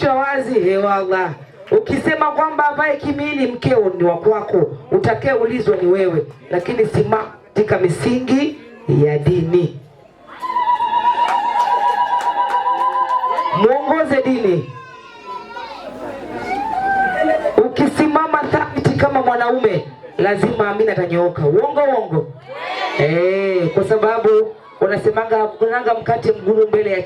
cha wazi ewallah, eh, ukisema kwamba ambaye kimili mkeo ni wa kwako, utakayeulizwa ni wewe, lakini sima katika misingi ya dini, mwongoze dini. Ukisimama thabiti kama mwanaume, lazima amina atanyooka. Uongo uongo, yeah. Eh, hey, kwa sababu wanasemanga kunanga mkate mgumu mbele ya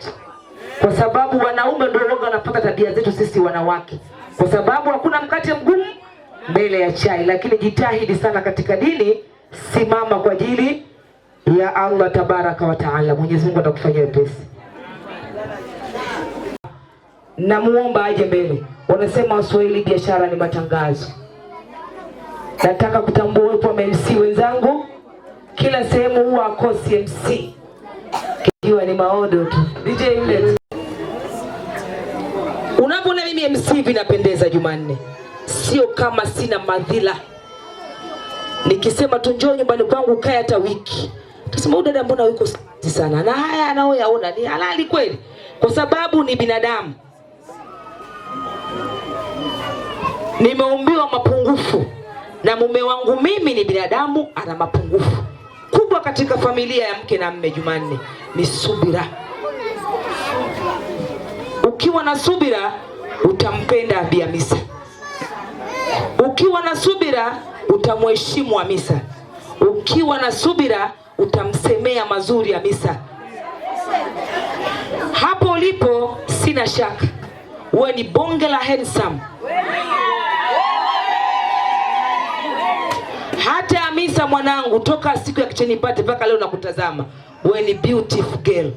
kwa sababu wanaume ndio waga wanapata tabia zetu sisi wanawake, kwa sababu hakuna mkate mgumu mbele ya chai. Lakini jitahidi sana katika dini, simama kwa ajili ya Allah tabaraka wa taala. Mwenyezi Mungu atakufanyia wepesi. Namuomba aje mbele. Wanasema Waswahili biashara ni matangazo. Nataka kutambua uwepo wa MC wenzangu, kila sehemu huwa akosi MC, kijiwa ni maodo tu DJ yule mimi MC vinapendeza Jumanne, sio kama sina madhila. Nikisema tu njoo nyumbani kwangu ukae hata wiki, tasema huyu dada mbona yuko sana, na haya anayoyaona ni halali kweli? Kwa sababu ni binadamu, nimeumbiwa mapungufu na mume wangu mimi ni binadamu, ana mapungufu. Kubwa katika familia ya mke na mme, Jumanne, ni subira. Ukiwa na subira utampenda abia misa. Ukiwa na subira utamheshimu amisa. Ukiwa na subira utamsemea mazuri amisa. Hapo ulipo, sina shaka wewe ni bonge la handsome. Hata Hamisa mwanangu, toka siku ya kicheni pate mpaka leo nakutazama, wewe ni beautiful girl.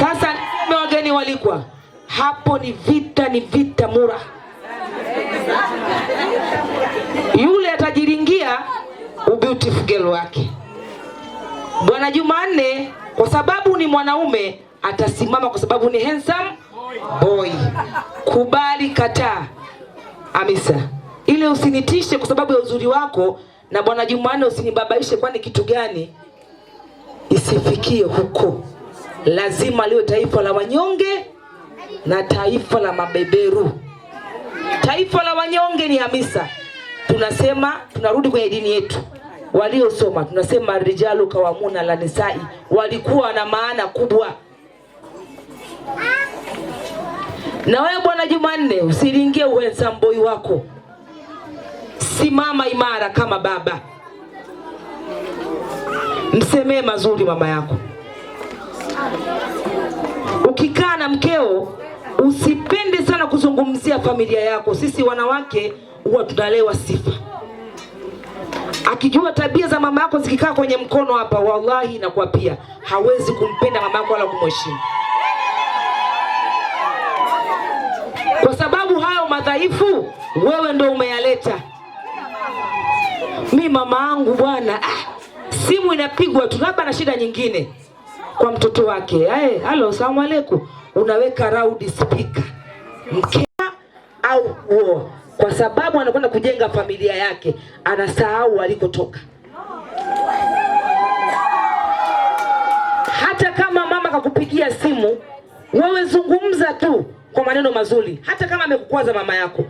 Sasa wageni walikwa hapo ni vita, ni vita mura. Yule atajiringia ubeautiful girl wake Bwana Jumanne, kwa sababu ni mwanaume atasimama, kwa sababu ni handsome boy. Kubali, kataa, Amisa, ile usinitishe kwa sababu ya uzuri wako, na Bwana Jumanne usinibabaishe, kwani kitu gani? Isifikie huko, lazima liwe taifa la wanyonge na taifa la mabeberu, taifa la wanyonge ni hamisa. Tunasema tunarudi kwenye dini yetu, waliosoma tunasema rijalu kawamuna la nisai, walikuwa na maana kubwa. Na wewe bwana Jumanne, usilingie uhensamboi wako, simama imara kama baba, msemee mazuri mama yako ukikaa na mkeo kuzungumzia familia yako. Sisi wanawake huwa tunalewa sifa. Akijua tabia za mama yako zikikaa kwenye mkono hapa, wallahi nakuwa pia hawezi kumpenda mama yako wala kumheshimu, kwa sababu hayo madhaifu wewe ndo umeyaleta. Mi mama angu bwana, ah, simu inapigwa tu, labda na shida nyingine kwa mtoto wake. Halo, eh, salamu aleikum, unaweka loud speaker mkia au uo, kwa sababu anakwenda kujenga familia yake, anasahau alikotoka. Hata kama mama kakupigia simu, wewe zungumza tu kwa maneno mazuri, hata kama amekukwaza mama yako.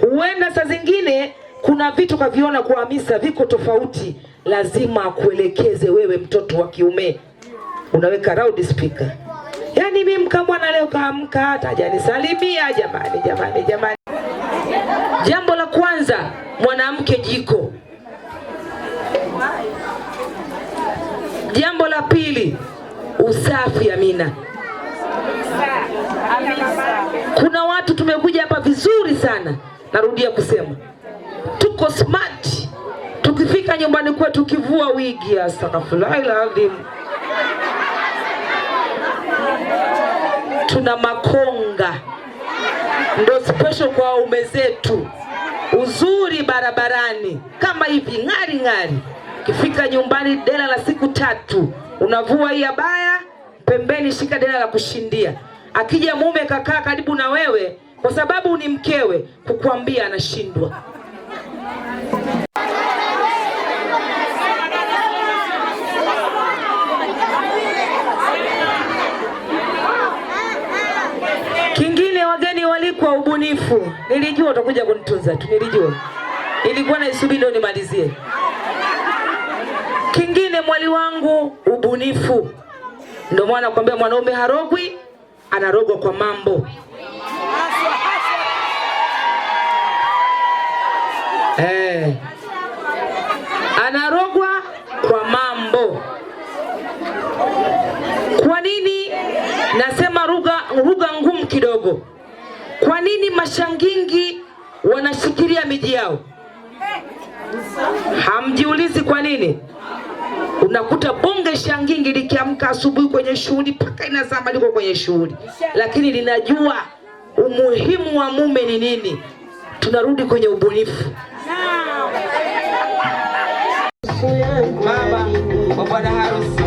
Huenda saa zingine kuna vitu kaviona kwa Hamisa viko tofauti, lazima akuelekeze wewe, mtoto wa kiume, unaweka loud speaker mimi mkamwana leo kaamka hata hajanisalimia. Jamani, jamani, jamani. Jambo la kwanza, mwanamke jiko. Jambo la pili, usafi. Amina. Kuna watu tumekuja hapa vizuri sana, narudia kusema tuko smart. Tukifika nyumbani kwetu, tukivua wigi, astaghfirullah alazim tuna makonga, ndo special kwa waume zetu. Uzuri barabarani kama hivi ng'ari ng'ari, ukifika nyumbani dela la siku tatu unavua hii abaya pembeni, shika dela la kushindia. Akija mume kakaa karibu na wewe kwa sababu ni mkewe, kukuambia anashindwa. tu, nilijua utakuja kunitunza tu, nilijua, ilikuwa isubi ndio nimalizie. Kingine mwali wangu ubunifu, ndio maana nakwambia mwanaume harogwi, anarogwa kwa mambo eh, anarogwa kwa mambo. Kwa nini nasema lugha lugha ngumu kidogo? nini mashangingi wanashikilia miji yao? Hamjiulizi kwa nini? Unakuta bunge shangingi likiamka asubuhi kwenye shughuli mpaka inazama, liko kwenye shughuli, lakini linajua umuhimu wa mume ni nini. Tunarudi kwenye ubunifu. Baba wa bwana harusi